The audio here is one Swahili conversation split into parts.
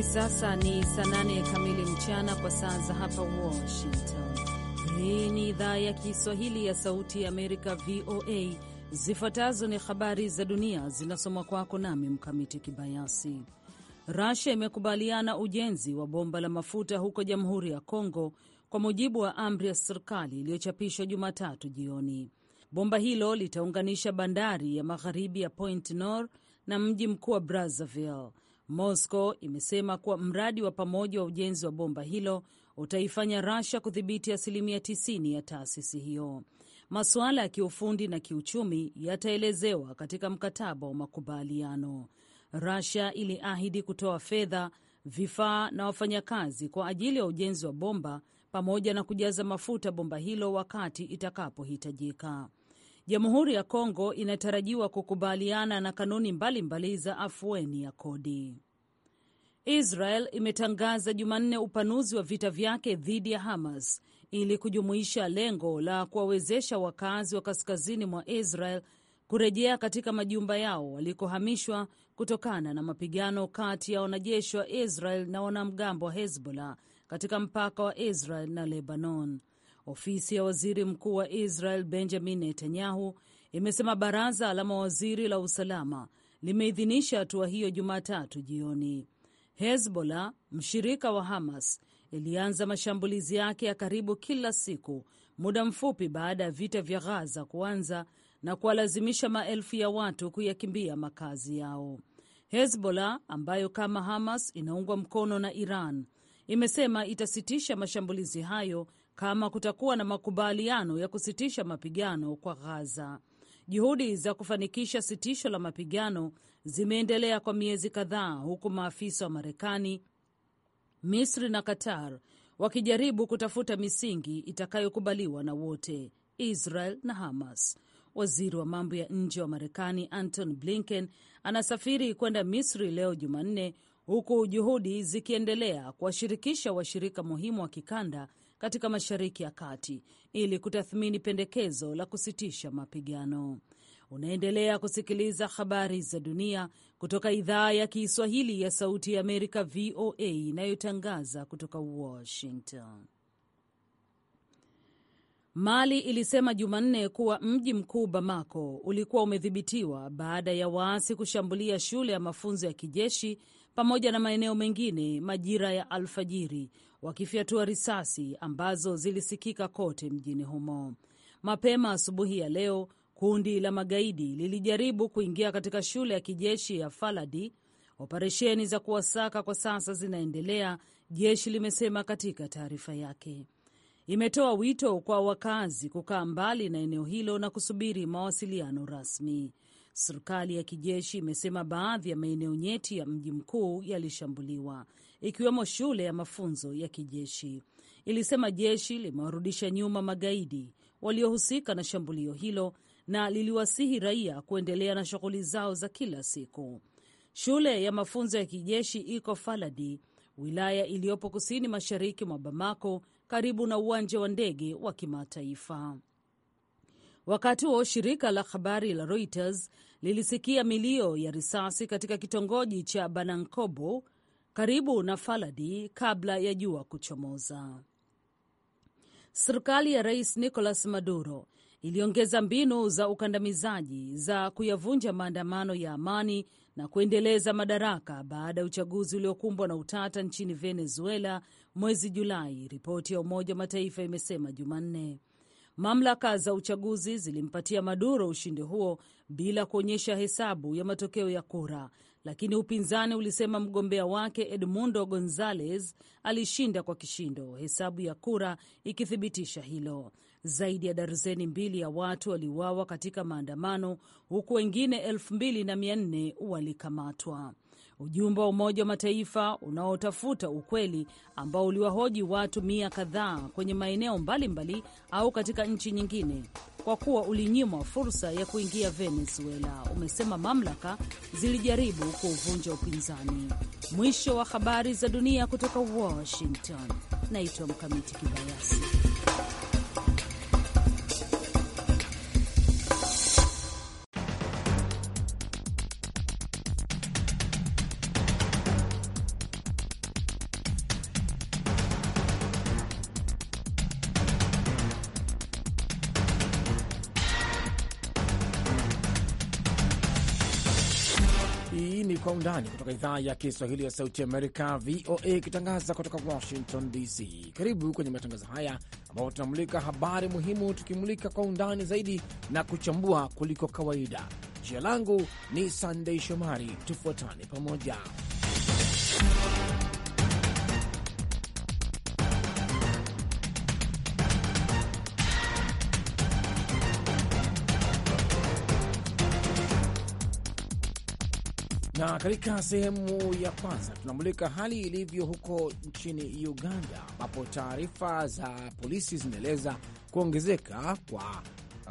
Hivi sasa ni saa nane kamili mchana kwa saa za hapa Washington. Hii ni idhaa ya Kiswahili ya Sauti ya Amerika, VOA. Zifuatazo ni habari za dunia zinasoma kwako nami Mkamiti Kibayasi. rusia imekubaliana ujenzi wa bomba la mafuta huko Jamhuri ya Kongo kwa mujibu wa amri ya serikali iliyochapishwa Jumatatu jioni. Bomba hilo litaunganisha bandari ya magharibi ya Point Nor na mji mkuu wa Brazzaville. Moscow imesema kuwa mradi wa pamoja wa ujenzi wa bomba hilo utaifanya Russia kudhibiti asilimia 90 ya taasisi hiyo. Masuala ya kiufundi na kiuchumi yataelezewa katika mkataba wa makubaliano. Russia iliahidi kutoa fedha, vifaa na wafanyakazi kwa ajili ya ujenzi wa bomba pamoja na kujaza mafuta bomba hilo wakati itakapohitajika. Jamhuri ya Kongo inatarajiwa kukubaliana na kanuni mbalimbali mbali za afueni ya kodi. Israel imetangaza Jumanne upanuzi wa vita vyake dhidi ya Hamas ili kujumuisha lengo la kuwawezesha wakazi wa kaskazini mwa Israel kurejea katika majumba yao walikohamishwa kutokana na mapigano kati ya wanajeshi wa Israel na wanamgambo wa Hezbollah katika mpaka wa Israel na Lebanon. Ofisi ya waziri mkuu wa Israel Benjamin Netanyahu imesema baraza la mawaziri la usalama limeidhinisha hatua hiyo Jumatatu jioni. Hezbollah, mshirika wa Hamas, ilianza mashambulizi yake ya karibu kila siku muda mfupi baada ya vita vya Ghaza kuanza na kuwalazimisha maelfu ya watu kuyakimbia makazi yao. Hezbollah ambayo kama Hamas inaungwa mkono na Iran imesema itasitisha mashambulizi hayo kama kutakuwa na makubaliano ya kusitisha mapigano kwa Ghaza. Juhudi za kufanikisha sitisho la mapigano zimeendelea kwa miezi kadhaa, huku maafisa wa Marekani, Misri na Qatar wakijaribu kutafuta misingi itakayokubaliwa na wote, Israel na Hamas. Waziri wa mambo ya nje wa Marekani Anton Blinken anasafiri kwenda Misri leo Jumanne, huku juhudi zikiendelea kuwashirikisha washirika muhimu wa kikanda katika Mashariki ya Kati ili kutathmini pendekezo la kusitisha mapigano. Unaendelea kusikiliza habari za dunia kutoka idhaa ya Kiswahili ya Sauti ya Amerika, VOA, inayotangaza kutoka Washington. Mali ilisema Jumanne kuwa mji mkuu Bamako ulikuwa umedhibitiwa baada ya waasi kushambulia shule ya mafunzo ya kijeshi pamoja na maeneo mengine majira ya alfajiri, wakifyatua risasi ambazo zilisikika kote mjini humo. Mapema asubuhi ya leo Kundi la magaidi lilijaribu kuingia katika shule ya kijeshi ya Faladi. Operesheni za kuwasaka kwa sasa zinaendelea, jeshi limesema katika taarifa yake. Imetoa wito kwa wakazi kukaa mbali na eneo hilo na kusubiri mawasiliano rasmi. Serikali ya kijeshi imesema baadhi ya maeneo nyeti ya mji mkuu yalishambuliwa, ikiwemo shule ya mafunzo ya kijeshi. Ilisema jeshi limewarudisha nyuma magaidi waliohusika na shambulio hilo na liliwasihi raia kuendelea na shughuli zao za kila siku. Shule ya mafunzo ya kijeshi iko Faladi, wilaya iliyopo kusini mashariki mwa Bamako, karibu na uwanja wa ndege wa kimataifa. Wakati huo shirika la habari la Reuters lilisikia milio ya risasi katika kitongoji cha Banankobo karibu na Faladi kabla ya jua kuchomoza. Serikali ya Rais Nicolas Maduro iliongeza mbinu za ukandamizaji za kuyavunja maandamano ya amani na kuendeleza madaraka baada ya uchaguzi uliokumbwa na utata nchini Venezuela mwezi Julai, ripoti ya Umoja wa Mataifa imesema Jumanne. Mamlaka za uchaguzi zilimpatia Maduro ushindi huo bila kuonyesha hesabu ya matokeo ya kura, lakini upinzani ulisema mgombea wake Edmundo Gonzalez alishinda kwa kishindo, hesabu ya kura ikithibitisha hilo. Zaidi ya darzeni mbili ya watu waliuawa katika maandamano huku wengine elfu mbili na mia nne walikamatwa. Ujumbe wa Umoja wa Mataifa unaotafuta ukweli ambao uliwahoji watu mia kadhaa kwenye maeneo mbalimbali au katika nchi nyingine kwa kuwa ulinyimwa fursa ya kuingia Venezuela umesema mamlaka zilijaribu kuuvunja upinzani. Mwisho wa habari za dunia kutoka Washington. Naitwa Mkamiti Kibayasi. Undani kutoka idhaa ya Kiswahili ya Sauti Amerika, VOA, ikitangaza kutoka Washington DC. Karibu kwenye matangazo haya ambapo tunamulika habari muhimu, tukimulika kwa undani zaidi na kuchambua kuliko kawaida. Jina langu ni Sandei Shomari, tufuatane pamoja. Na katika sehemu ya kwanza tunamulika hali ilivyo huko nchini Uganda, ambapo taarifa za polisi zinaeleza kuongezeka kwa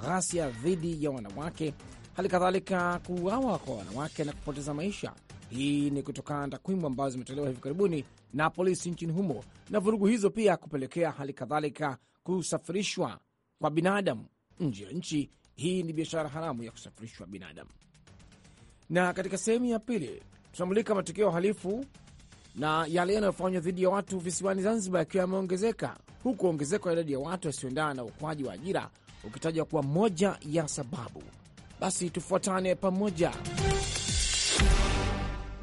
ghasia dhidi ya wanawake, hali kadhalika kuuawa kwa wanawake na kupoteza maisha. Hii ni kutokana na takwimu ambazo zimetolewa hivi karibuni na polisi nchini humo, na vurugu hizo pia kupelekea hali kadhalika kusafirishwa kwa binadamu nje ya nchi. Hii ni biashara haramu ya kusafirishwa binadamu. Na katika sehemu ya pili tunamulika matukio ya uhalifu na yale yanayofanywa dhidi ya watu visiwani Zanzibar yakiwa yameongezeka, huku ongezeko la idadi ya watu wasioendana na ukuaji wa ajira ukitajwa kuwa moja ya sababu. Basi tufuatane pamoja.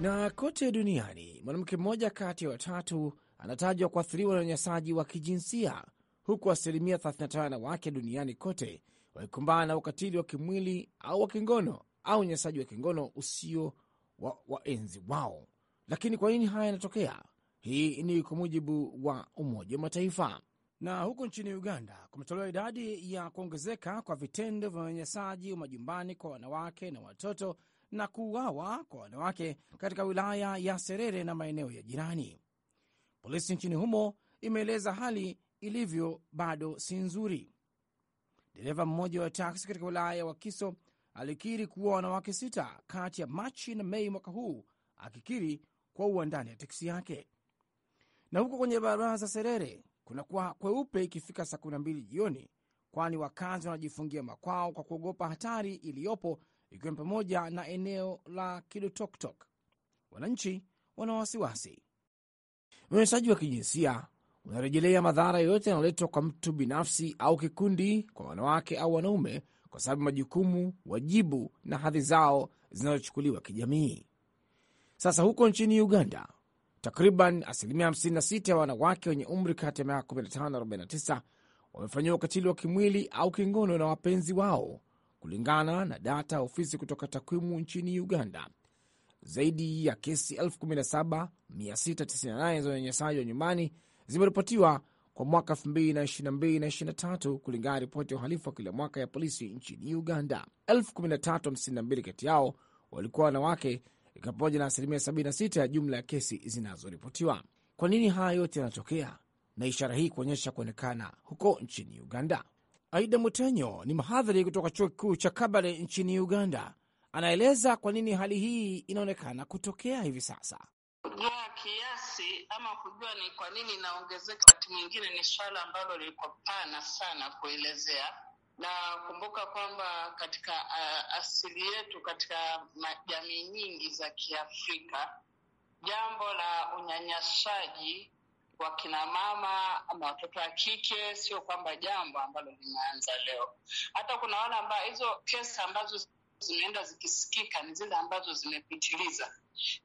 Na kote duniani mwanamke mmoja kati ya watatu anatajwa kuathiriwa na unyanyasaji wa kijinsia, huku asilimia 35 ya wanawake duniani kote wakikumbana na ukatili wa kimwili au wa kingono au unyanyasaji wa kingono usio wa waenzi wao. Lakini kwa nini haya yanatokea? Hii ni kwa mujibu wa Umoja wa Mataifa. Na huko nchini Uganda kumetolewa idadi ya kuongezeka kwa vitendo vya unyanyasaji wa majumbani kwa wanawake na watoto na kuuawa kwa wanawake katika wilaya ya Serere na maeneo ya jirani. Polisi nchini humo imeeleza hali ilivyo bado si nzuri. Dereva mmoja wa taksi katika wilaya ya Wakiso alikiri kuwa wanawake sita kati ya Machi na Mei mwaka huu, akikiri kuwaua ndani ya teksi yake. Na huko kwenye barabara za Serere kunakuwa kweupe ikifika saa mbili jioni, kwani wakazi wanajifungia makwao kwa kuogopa hatari iliyopo, ikiwa ni pamoja na eneo la Kidotoktok. Wananchi wana wasiwasi. Unyanyasaji wa kijinsia unarejelea madhara yoyote yanayoletwa kwa mtu binafsi au kikundi, kwa wanawake au wanaume kwa sababu majukumu, wajibu na hadhi zao zinazochukuliwa kijamii. Sasa huko nchini Uganda, takriban asilimia 56 ya wanawake wenye umri kati ya miaka 15 na 49 wamefanyiwa ukatili wa kimwili au kingono na wapenzi wao, kulingana na data ya ofisi kutoka takwimu nchini Uganda. Zaidi ya kesi 17698 za unyanyasaji wa nyumbani zimeripotiwa kwa mwaka 2022 2023, kulingana na ripoti ya uhalifu wa kila mwaka ya polisi nchini Uganda. 1352 kati yao walikuwa wanawake, ikiwa pamoja na asilimia 76 ya jumla ya kesi zinazoripotiwa. Kwa nini haya yote yanatokea na ishara hii kuonyesha kuonekana huko nchini Uganda? Aida Mutenyo ni mhadhiri kutoka chuo kikuu cha Kabale nchini Uganda, anaeleza kwa nini hali hii inaonekana kutokea hivi sasa ama kujua ni kwa nini inaongezeka wakati mwingine, ni swala ambalo liko pana sana kuelezea, na kumbuka kwamba katika uh, asili yetu katika jamii nyingi za Kiafrika jambo la unyanyasaji wa kina mama ama watoto wa kike sio kwamba jambo ambalo limeanza leo. Hata kuna wale ambao hizo kesi ambazo zimeenda zikisikika ni zile ambazo zimepitiliza,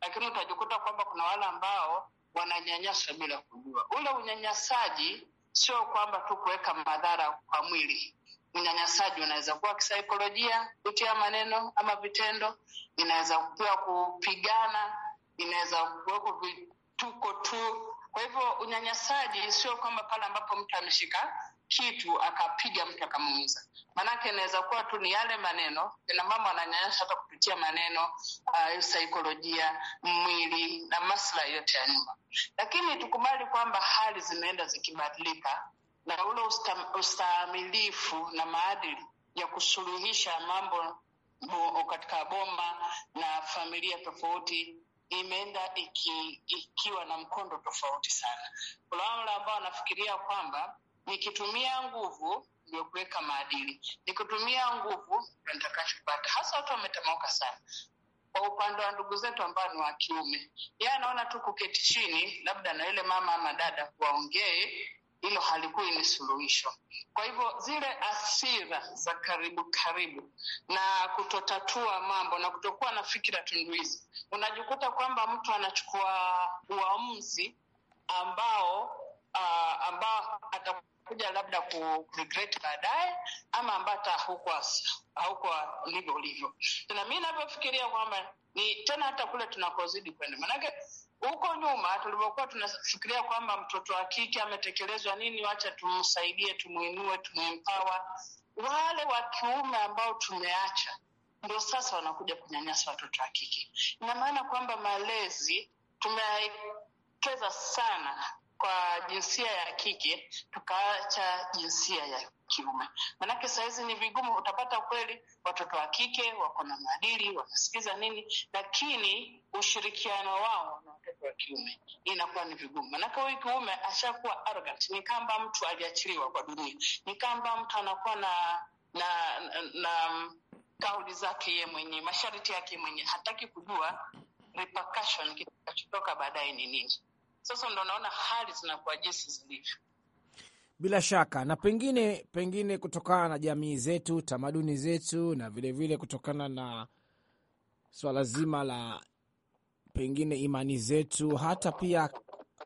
lakini utajikuta kwamba kuna wale ambao wananyanyasa bila kujua. Ule unyanyasaji sio kwamba tu kuweka madhara kwa mwili. Unyanyasaji unaweza kuwa kisaikolojia, kupitia maneno ama vitendo, inaweza kuwa kupigana, inaweza kuweko vituko tu kwa hivyo unyanyasaji sio kwamba pale ambapo mtu ameshika kitu akapiga mtu akamuumiza, maanake inaweza kuwa tu ni yale maneno. Kina mama wananyanyasa hata kupitia maneno, uh, saikolojia, mwili na maslahi yote ya nyumba. Lakini tukubali kwamba hali zimeenda zikibadilika, na ule ustaamilifu na maadili ya kusuluhisha mambo katika boma na familia tofauti imeenda iki, ikiwa na mkondo tofauti sana. Kuna wale ambao wanafikiria kwamba nikitumia nguvu ndio kuweka maadili, nikitumia nguvu ndio nitakachopata. Hasa watu wametamauka sana kwa upande wa ndugu zetu ambao ni wa kiume, yeye anaona tu kuketi chini labda na yule mama ama dada kuwaongee hilo halikuwa ni suluhisho. Kwa hivyo zile asira za karibu karibu na kutotatua mambo na kutokuwa na fikira tunduizi, unajikuta kwamba mtu anachukua uamuzi ambao uh, ambao atakuja labda ku regret baadaye, ama ambao hata haukuwa ndivyo ulivyo. Na mi navyofikiria kwamba ni tena hata kule tunakozidi kwenda, manake huko nyuma tulivyokuwa tunafikiria kwamba mtoto wa kike ametekelezwa nini, wacha tumsaidie, tumuinue, tumempawa, Wale wa kiume ambao tumeacha ndio sasa wanakuja kunyanyasa watoto wa kike. Ina maana kwamba malezi tumeekeza sana kwa jinsia ya kike tukaacha jinsia ya kiume. Manake sahizi ni vigumu, utapata kweli watoto wa kike wako na maadili, wanasikiza nini, lakini ushirikiano wao kiume inakuwa ni vigumu, manake huyu kiume ashakuwa arrogant, ni kamba mtu aliachiliwa kwa dunia, ni kamba mtu anakuwa na na, na, na mm, kauli zake ye mwenyewe, masharti yake mwenyewe, hataki kujua repercussion kitakachotoka baadaye ni nini. Sasa ndo naona hali zinakuwa jinsi zilivyo. Bila shaka na pengine pengine kutokana na jamii zetu, tamaduni zetu, na vilevile vile kutokana na swala zima la pengine imani zetu, hata pia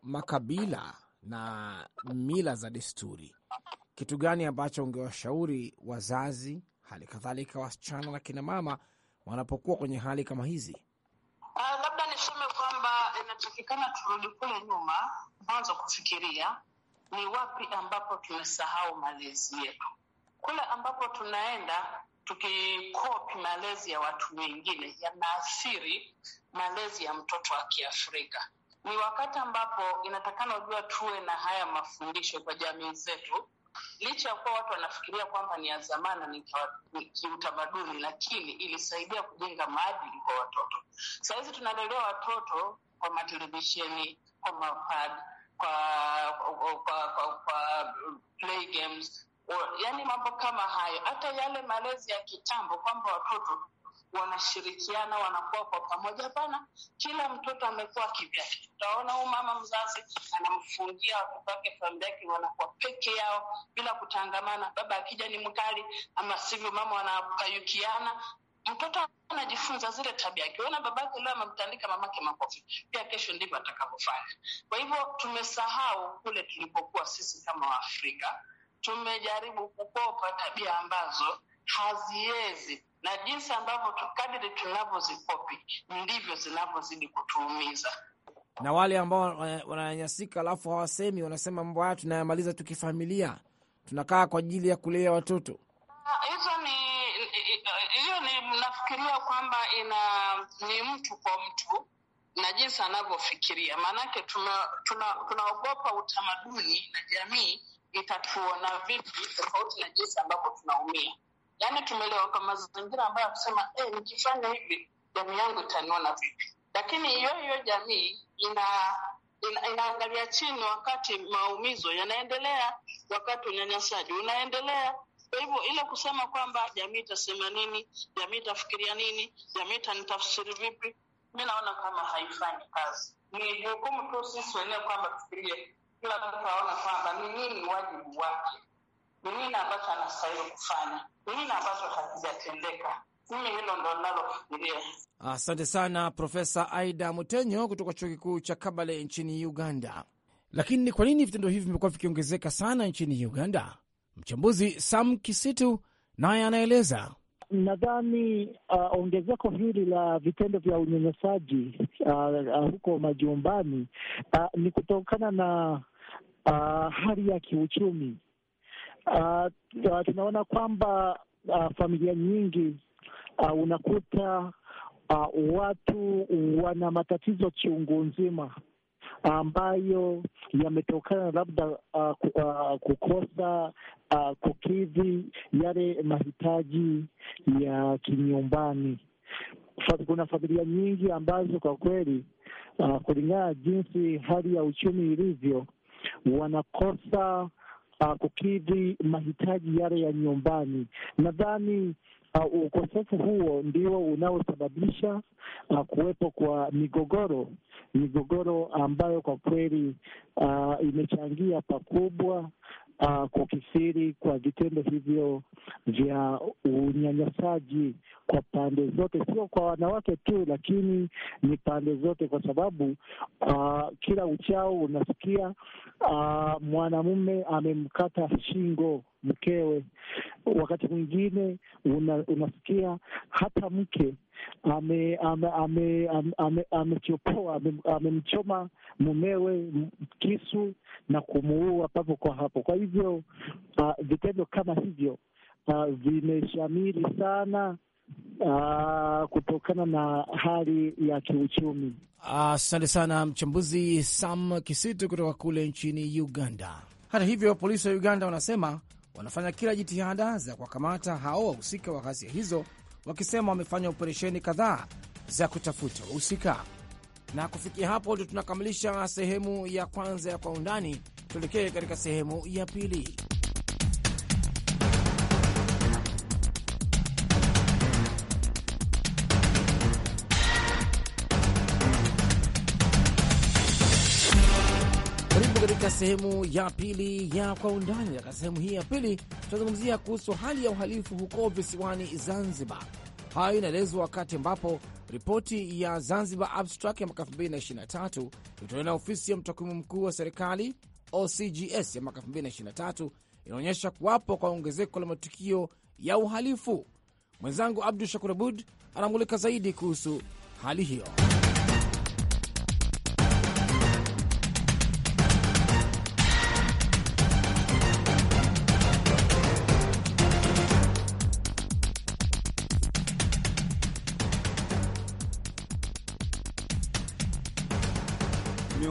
makabila na mila za desturi, kitu gani ambacho ungewashauri wazazi, hali kadhalika wasichana na kinamama wanapokuwa kwenye hali kama hizi? Uh, labda niseme kwamba inatakikana turudi kule nyuma, mwanzo kufikiria ni wapi ambapo tumesahau malezi yetu, kule ambapo tunaenda tukikopi malezi ya watu wengine yanaathiri malezi ya mtoto wa Kiafrika. Ni wakati ambapo inatakana ujua tuwe na haya mafundisho kwa jamii zetu, licha ya kuwa watu wanafikiria kwamba ni ya zamana, ni kiutamaduni, lakini ilisaidia kujenga maadili kwa watoto. Sahizi tunalelea watoto kwa matelevisheni, kwa mapad, kwa, kwa, kwa, kwa, kwa play games yani mambo kama hayo, hata yale malezi ya kitambo kwamba watoto wanashirikiana wanakuwa kwa pamoja. Pana kila mtoto amekuwa kivyake. Utaona huu mama mzazi anamfungia watoto wake, familia yake wanakuwa peke yao bila kutangamana. Baba akija ni mkali, ama sivyo mama wanakayukiana. Mtoto anajifunza zile tabia, yake. akiona babake leo amemtandika mamake makofi, pia kesho ndivyo atakavyofanya. Kwa hivyo tumesahau kule tulipokuwa sisi kama Waafrika tumejaribu kukopa tabia ambazo haziwezi na jinsi ambavyo kadiri tunavyozikopi ndivyo zinavyozidi kutuumiza. Na wale ambao wananyanyasika alafu hawasemi, wanasema mambo haya tunayamaliza tukifamilia, tunakaa kwa ajili ya kulea watoto. Ah, hizo ni hiyo ni nafikiria kwamba ina ni mtu kwa mtu na jinsi anavyofikiria, maanake tunaogopa tuna, tuna utamaduni na jamii itatuona vipi tofauti na jinsi ambavyo tunaumia. Yaani tumelewa kwa mazingira ambayo akusema e, eh, nikifanya hivi jamii yangu itaniona vipi, lakini hiyo hiyo jamii ina ina, inaangalia chini wakati maumizo yanaendelea, wakati unyanyasaji unaendelea. Kwa hivyo ile kusema kwamba jamii itasema nini, jamii itafikiria nini, jamii itanitafsiri vipi, mi naona kama haifanyi kazi. Ni jukumu tu sisi wenyewe kwamba tufikirie kila mtu aona kwamba ni nini wajibu wake, ni nini ambacho anastahili kufanya, ni nini ambacho hakijatendeka. Mimi hilo ndo linalofikiria. Asante sana Profesa Aida Mutenyo kutoka chuo kikuu cha Kabale nchini Uganda. Lakini ni kwa nini vitendo hivi vimekuwa vikiongezeka sana nchini Uganda? Mchambuzi Sam Kisitu naye anaeleza. Nadhani uh, ongezeko hili la vitendo vya unyanyasaji uh, uh, huko majumbani uh, ni kutokana na uh, hali ya kiuchumi uh, tunaona kwamba uh, familia nyingi uh, unakuta uh, watu wana matatizo chungu nzima ambayo yametokana labda uh, kukosa uh, kukidhi yale mahitaji ya kinyumbani. Kuna familia nyingi ambazo kwa kweli uh, kulingana jinsi hali ya uchumi ilivyo wanakosa uh, kukidhi mahitaji yale ya nyumbani. Nadhani uh, ukosefu huo ndio unaosababisha uh, kuwepo kwa migogoro, migogoro ambayo kwa kweli uh, imechangia pakubwa uh, kukisiri kwa vitendo hivyo vya unyanyasaji kwa pande zote, sio kwa wanawake tu, lakini ni pande zote, kwa sababu uh, kila uchao unasikia uh, mwanamume amemkata shingo mkewe. Wakati mwingine una, unasikia hata mke amechopoa ame, ame, ame, ame amemchoma mumewe kisu na kumuua papo kwa hapo. Kwa hivyo uh, vitendo kama hivyo uh, vimeshamiri sana uh, kutokana na hali ya kiuchumi. Asante uh, sana mchambuzi Sam Kisitu kutoka kule nchini Uganda. Hata hivyo, polisi wa Uganda wanasema wanafanya kila jitihada za kuwakamata hao wahusika wa ghasia hizo wakisema wamefanya operesheni kadhaa za kutafuta wahusika. Na kufikia hapo, ndio tunakamilisha sehemu ya kwanza ya Kwa Undani. Tuelekee katika sehemu ya pili. katika sehemu ya pili ya kwa undani. Katika sehemu hii ya pili tunazungumzia kuhusu hali ya uhalifu huko visiwani Zanzibar. Hayo inaelezwa wakati ambapo ripoti ya Zanzibar Abstract ya mwaka 2023 iliyotolewa na ofisi ya mtakwimu mkuu wa serikali OCGS ya mwaka 2023 inaonyesha kuwapo kwa ongezeko la matukio ya uhalifu. Mwenzangu Abdu Shakur Abud anamulika zaidi kuhusu hali hiyo.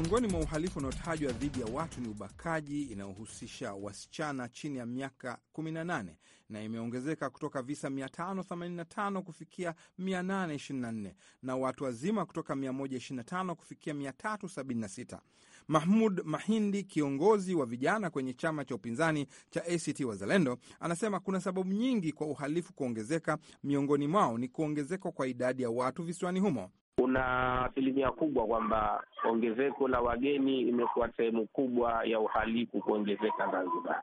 Miongoni mwa uhalifu unaotajwa dhidi ya watu ni ubakaji inayohusisha wasichana chini ya miaka 18 na imeongezeka kutoka visa 585 kufikia 824 na watu wazima kutoka 125 kufikia 376. Mahmud Mahindi, kiongozi wa vijana kwenye chama cha upinzani cha ACT Wazalendo, anasema kuna sababu nyingi kwa uhalifu kuongezeka, miongoni mwao ni kuongezeka kwa idadi ya watu visiwani humo kuna asilimia kubwa kwamba ongezeko la wageni imekuwa sehemu kubwa ya uhalifu kuongezeka Zanzibar.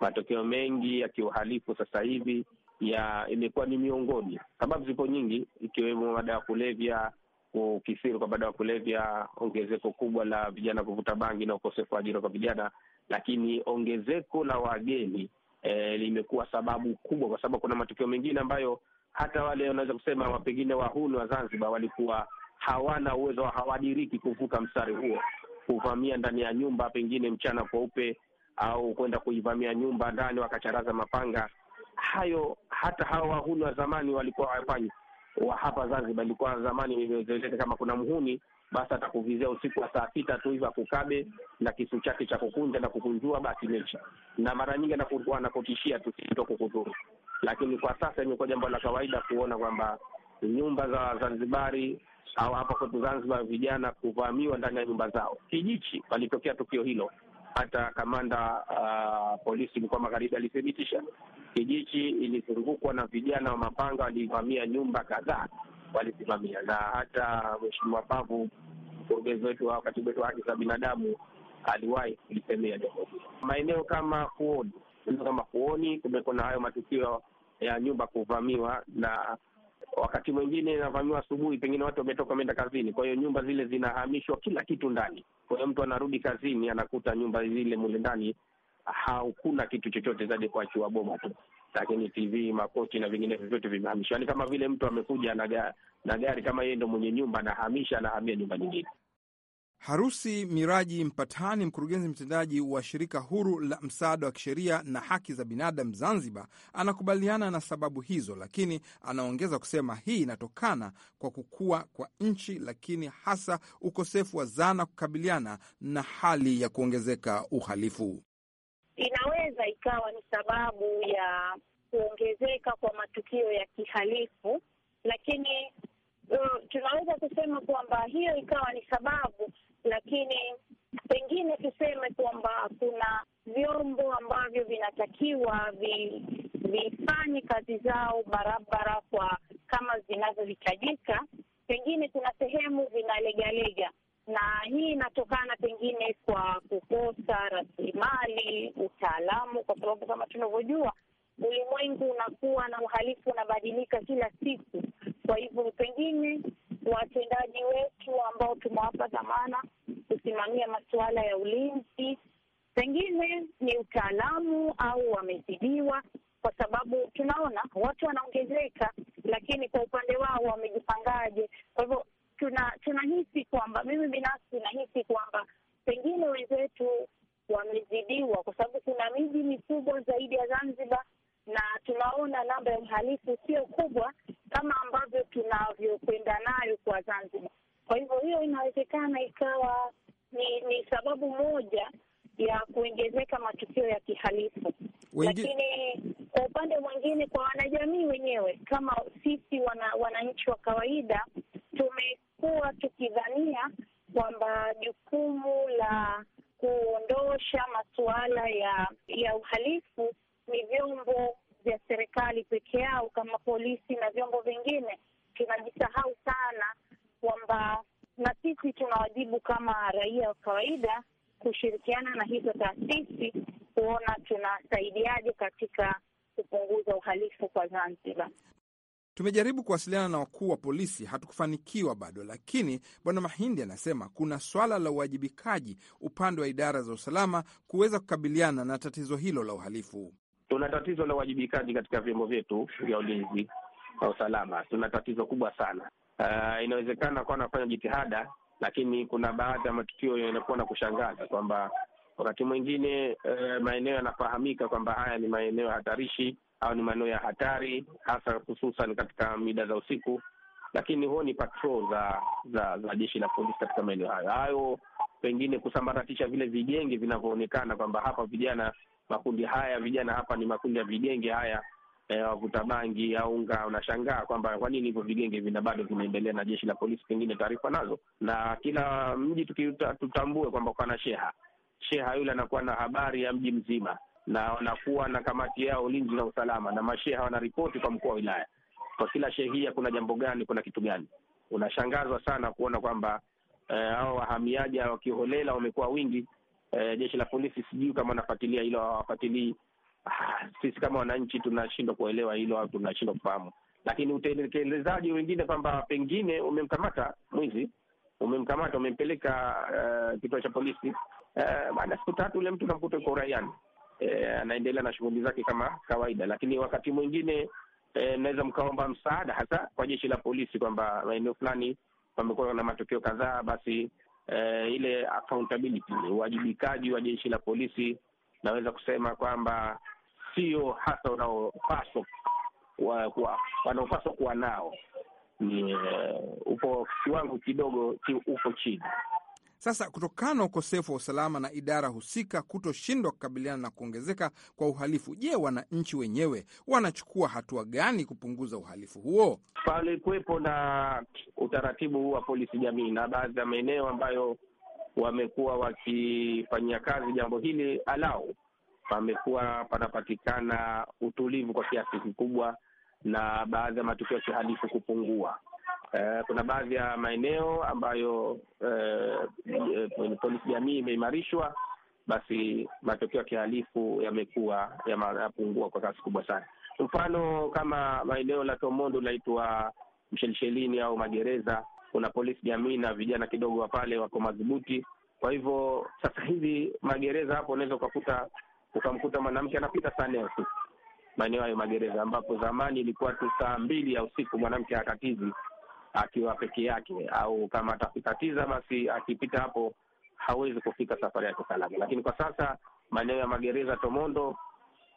Matokeo mengi ya kiuhalifu sasa hivi ya imekuwa ni miongoni, sababu zipo nyingi, ikiwemo madawa ya kulevya, kukisiri kwa madawa ya kulevya, ongezeko kubwa la vijana kuvuta bangi na ukosefu wa ajira kwa vijana, lakini ongezeko la wageni eh, limekuwa sababu kubwa, kwa sababu kuna matokeo mengine ambayo hata wale wanaweza kusema pengine wahuni wa Zanzibar walikuwa hawana uwezo, hawadiriki kuvuka mstari huo, kuvamia ndani ya nyumba pengine mchana kweupe, au kwenda kuivamia nyumba ndani wakacharaza mapanga. Hayo hata hawa wahuni wa zamani walikuwa hawafanyi. Wa hapa Zanzibar ilikuwa zamani kama kuna mhuni basi atakuvizia usiku wa saa sita tu hivyo akukabe na kisu chake cha kukunja na kukunjua, basi mecha. na mara nyingi anakuwa anakotishia tu, sio kukudhuru lakini kwa sasa imekuwa jambo la kawaida kuona kwamba nyumba za Zanzibari au hapa kwetu Zanzibar, vijana kuvamiwa ndani ya nyumba zao. Kijichi palitokea tukio hilo, hata kamanda uh, polisi mkoa magharibi alithibitisha. Kijichi ilizungukwa na vijana wa mapanga, walivamia nyumba kadhaa, walisimamia na hata mheshimiwa Bavu, mkurugenzi wetu wa katibu wetu wa haki za binadamu, aliwahi kulisemea jambo hilo. Maeneo kama Fuoni, kama Fuoni kumekuwa na hayo matukio ya nyumba kuvamiwa, na wakati mwingine inavamiwa asubuhi, pengine watu wametoka wameenda kazini. Kwa hiyo nyumba zile zinahamishwa, kila kitu ndani. Kwa hiyo mtu anarudi kazini, anakuta nyumba zile mule ndani hakuna kitu chochote zaidi kuachiwa boma tu, lakini TV, makochi na vingine vyote vimehamishwa. Yaani kama vile mtu amekuja na gari, na gari kama yeye ndo mwenye nyumba, anahamisha anahamia nyumba nyingine. Harusi Miraji Mpatani, mkurugenzi mtendaji wa shirika huru la msaada wa kisheria na haki za binadamu Zanzibar, anakubaliana na sababu hizo, lakini anaongeza kusema hii inatokana kwa kukua kwa nchi, lakini hasa ukosefu wa zana kukabiliana na hali ya kuongezeka uhalifu. Inaweza ikawa ni sababu ya kuongezeka kwa matukio ya kihalifu kufidiwa, kwa sababu kuna miji mikubwa zaidi ya Zanzibar na tunaona namba ya uhalifu sio kubwa kama ambavyo tunavyokwenda nayo kwa Zanzibar. Kwa hivyo hiyo inawezekana ikawa ni, ni sababu moja ya kuongezeka matukio ya kihalifu Wengi... lakini Tumejaribu kuwasiliana na wakuu wa polisi, hatukufanikiwa bado, lakini Bwana Mahindi anasema kuna swala la uwajibikaji upande wa idara za usalama kuweza kukabiliana na tatizo hilo la uhalifu. Tuna tatizo la uwajibikaji katika vyombo vyetu vya ulinzi na usalama, tuna tatizo kubwa sana. Uh, inawezekana kuwa anafanya jitihada, lakini kuna baadhi ya matukio yanakuwa na kushangaza kwamba wakati mwingine uh, maeneo yanafahamika kwamba haya ni maeneo hatarishi au ni maeneo ya hatari, hasa hususan katika mida za usiku. Lakini huo ni patrol za za za jeshi la polisi katika maeneo hayo hayo, pengine kusambaratisha vile vigenge vinavyoonekana kwamba hapa vijana, makundi haya vijana hapa ni makundi ya vigenge haya eh, wavuta bangi au unga. Unashangaa kwamba kwa nini hivyo vigenge vina bado vinaendelea, na jeshi la polisi pengine taarifa nazo. Na kila mji tutambue kwamba kana sheha sheha yule anakuwa na habari ya mji mzima, na wanakuwa na kamati yao ulinzi na usalama, na masheha wanaripoti kwa mkuu wa wilaya, kwa kila shehia kuna jambo gani, kuna kitu gani. Unashangazwa sana kuona kwamba eh, hao eh, wahamiaji wakiholela wamekuwa wingi. Eh, jeshi la polisi sijui kama wanafuatilia hilo, hawafuatilii. Ah, sisi kama wananchi tunashindwa kuelewa hilo au tunashindwa kufahamu, lakini utekelezaji wengine kwamba pengine umemkamata mwizi umemkamata umempeleka uh, kituo cha polisi uh, baada ya siku tatu ule mtu unamkuta uko uraiani. Eh, anaendelea na shughuli zake kama kawaida, lakini wakati mwingine eh, mnaweza mkaomba msaada hasa kwa jeshi la polisi kwamba maeneo fulani pamekuwa na matokeo kadhaa, basi eh, ile accountability, uwajibikaji wa jeshi la polisi, naweza kusema kwamba sio hasa unaopaswa wanaopaswa kuwa nao ni uh, upo kiwango kidogo ki, upo chini. Sasa kutokana na ukosefu wa usalama na idara husika kutoshindwa kukabiliana na kuongezeka kwa uhalifu, je, wananchi wenyewe wanachukua hatua gani kupunguza uhalifu huo? Palikuwepo na utaratibu huu wa polisi jamii na baadhi ya maeneo ambayo wamekuwa wakifanyia kazi jambo hili, alau pamekuwa panapatikana utulivu kwa kiasi kikubwa na baadhi ya matukio ya kihalifu kupungua. Eh, kuna baadhi ya maeneo ambayo eh, eh polisi jamii imeimarishwa, basi matokeo ya kihalifu yamekuwa yapungua kwa kasi kubwa sana. Mfano kama maeneo la Tomondo laitwa Mshelshelini au magereza, kuna polisi jamii na vijana kidogo wa pale wako madhubuti. Kwa hivyo sasa hivi magereza hapo unaweza ukakuta ukamkuta mwanamke anapita saa nne usiku maeneo hayo magereza, ambapo zamani ilikuwa tu saa mbili ya usiku mwanamke hakatizi akiwa peke yake, au kama atakikatiza, basi akipita hapo hawezi kufika safari yake salama. Lakini kwa sasa maeneo ya magereza Tomondo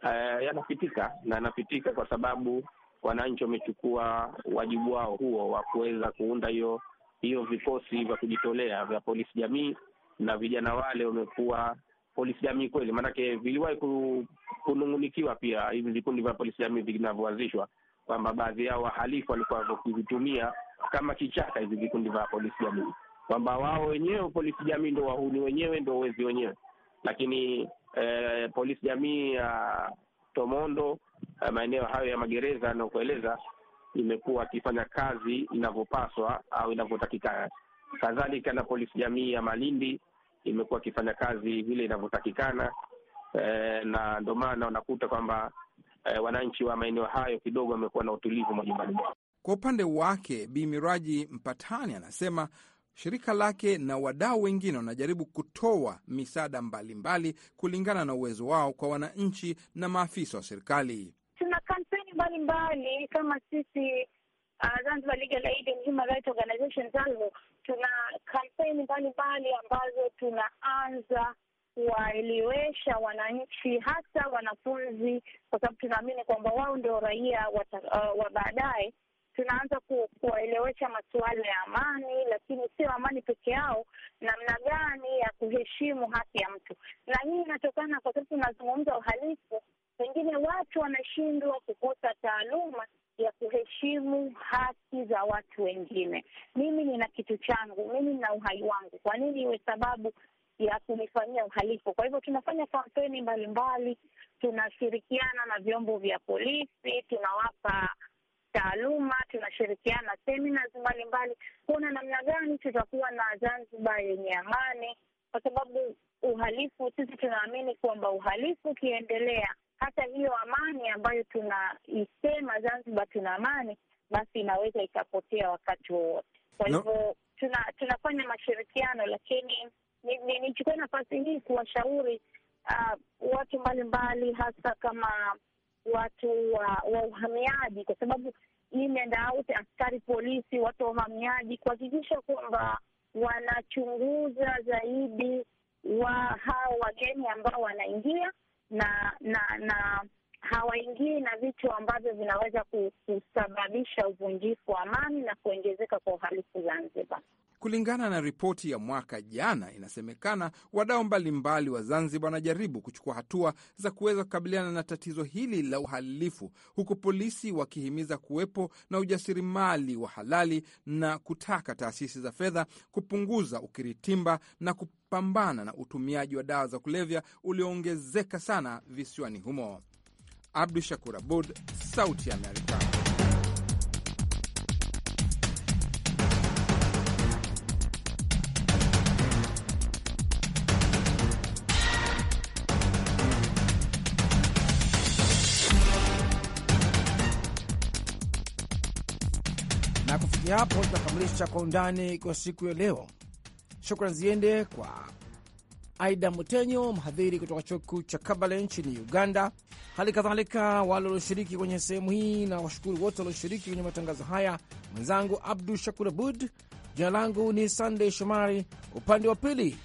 uh, yanapitika na yanapitika kwa sababu wananchi wamechukua wajibu wao huo wa kuweza kuunda hiyo hiyo vikosi vya kujitolea vya polisi jamii, na vijana wale wamekuwa polisi jamii kweli, maanake viliwahi kunung'unikiwa pia hivi vikundi vya polisi jamii vinavyoanzishwa, kwamba baadhi yao wahalifu walikuwa wakivitumia kama kichaka hivi vikundi vya polisi jamii, kwamba wao wenyewe polisi jamii ndo wahuni wenyewe, ndo wezi wenyewe. Lakini eh, polisi jamii ya Tomondo uh, maeneo hayo ya magereza anayokueleza imekuwa akifanya kazi inavyopaswa au inavyotakikana. Kadhalika na polisi jamii ya Malindi imekuwa akifanya kazi vile inavyotakikana, eh, na ndio maana unakuta kwamba eh, wananchi wa maeneo hayo kidogo wamekuwa na utulivu majumbani mwao. Kwa upande wake, Bi Miraji Mpatani anasema shirika lake na wadau wengine wanajaribu kutoa misaada mbalimbali kulingana na uwezo wao kwa wananchi na maafisa wa serikali. Tuna kampeni mbalimbali kama sisi uh, Zanzibar Legal Aid and Human Rights Organization tuna kampeni mbalimbali ambazo tunaanza kuwaelewesha wananchi, hasa wanafunzi, kwa sababu tunaamini kwamba wao ndio raia wa uh, baadaye tunaanza kuwaelewesha masuala ya amani, lakini sio amani peke yao, namna gani ya kuheshimu haki ya mtu. Na hii inatokana kwa sababu tunazungumza uhalifu, pengine watu wanashindwa kukosa taaluma ya kuheshimu haki za watu wengine. Mimi nina kitu changu, mimi nina uhai wangu, kwa nini iwe sababu ya kunifanyia uhalifu? Kwa hivyo tunafanya kampeni mbalimbali, tunashirikiana na vyombo vya polisi, tunawapa taaluma, tunashirikiana semina mbalimbali kuna namna gani tutakuwa na Zanzibar yenye amani, kwa sababu uhalifu, sisi tunaamini kwamba uhalifu ukiendelea, hata hiyo amani ambayo tunaisema Zanzibar tuna amani, basi inaweza ikapotea wakati wowote. Kwa hivyo no. tuna, tunafanya mashirikiano, lakini nichukue nafasi hii kuwashauri uh, watu mbalimbali hasa kama watu wa, wa uhamiaji, kwa sababu imendaute askari polisi, watu wa uhamiaji kuhakikisha kwamba wanachunguza zaidi wa hao wageni ambao wanaingia na na na hawaingii na vitu ambavyo vinaweza kusababisha uvunjifu wa amani na kuongezeka kwa uhalifu Zanzibar. Kulingana na ripoti ya mwaka jana, inasemekana wadau mbalimbali wa Zanzibar wanajaribu kuchukua hatua za kuweza kukabiliana na tatizo hili la uhalifu, huku polisi wakihimiza kuwepo na ujasiriamali wa halali na kutaka taasisi za fedha kupunguza ukiritimba na kupambana na utumiaji wa dawa za kulevya ulioongezeka sana visiwani humo. Abdu Shakur Abud, Sauti Amerika. Na kufikia hapo tunakamilisha Kwa Undani kwa siku ya leo. shukran ziende kwa Aida Mutenyo, mhadhiri kutoka chuo kikuu cha Kabale nchini Uganda. Hali kadhalika wale walioshiriki kwenye sehemu hii na washukuru wote walioshiriki kwenye matangazo haya, mwenzangu Abdu Shakur Abud. Jina langu ni Sandey Shomari, upande wa pili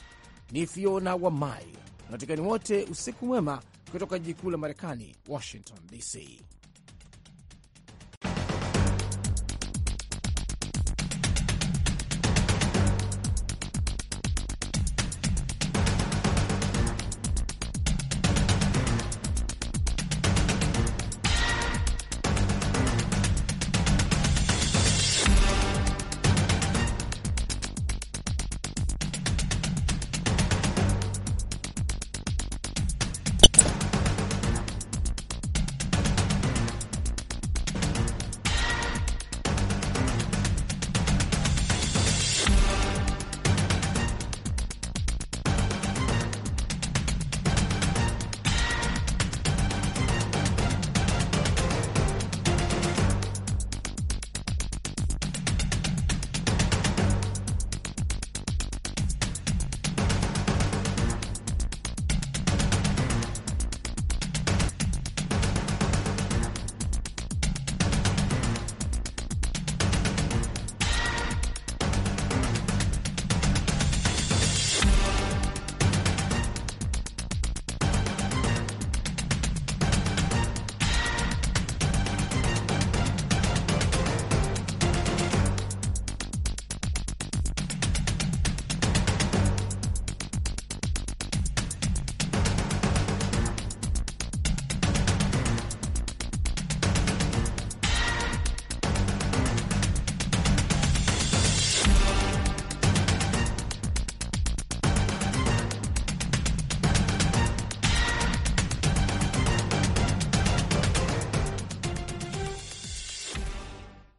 ni Fiona wa mai Wanatikani wote usiku mwema kutoka jiji kuu la Marekani, Washington DC.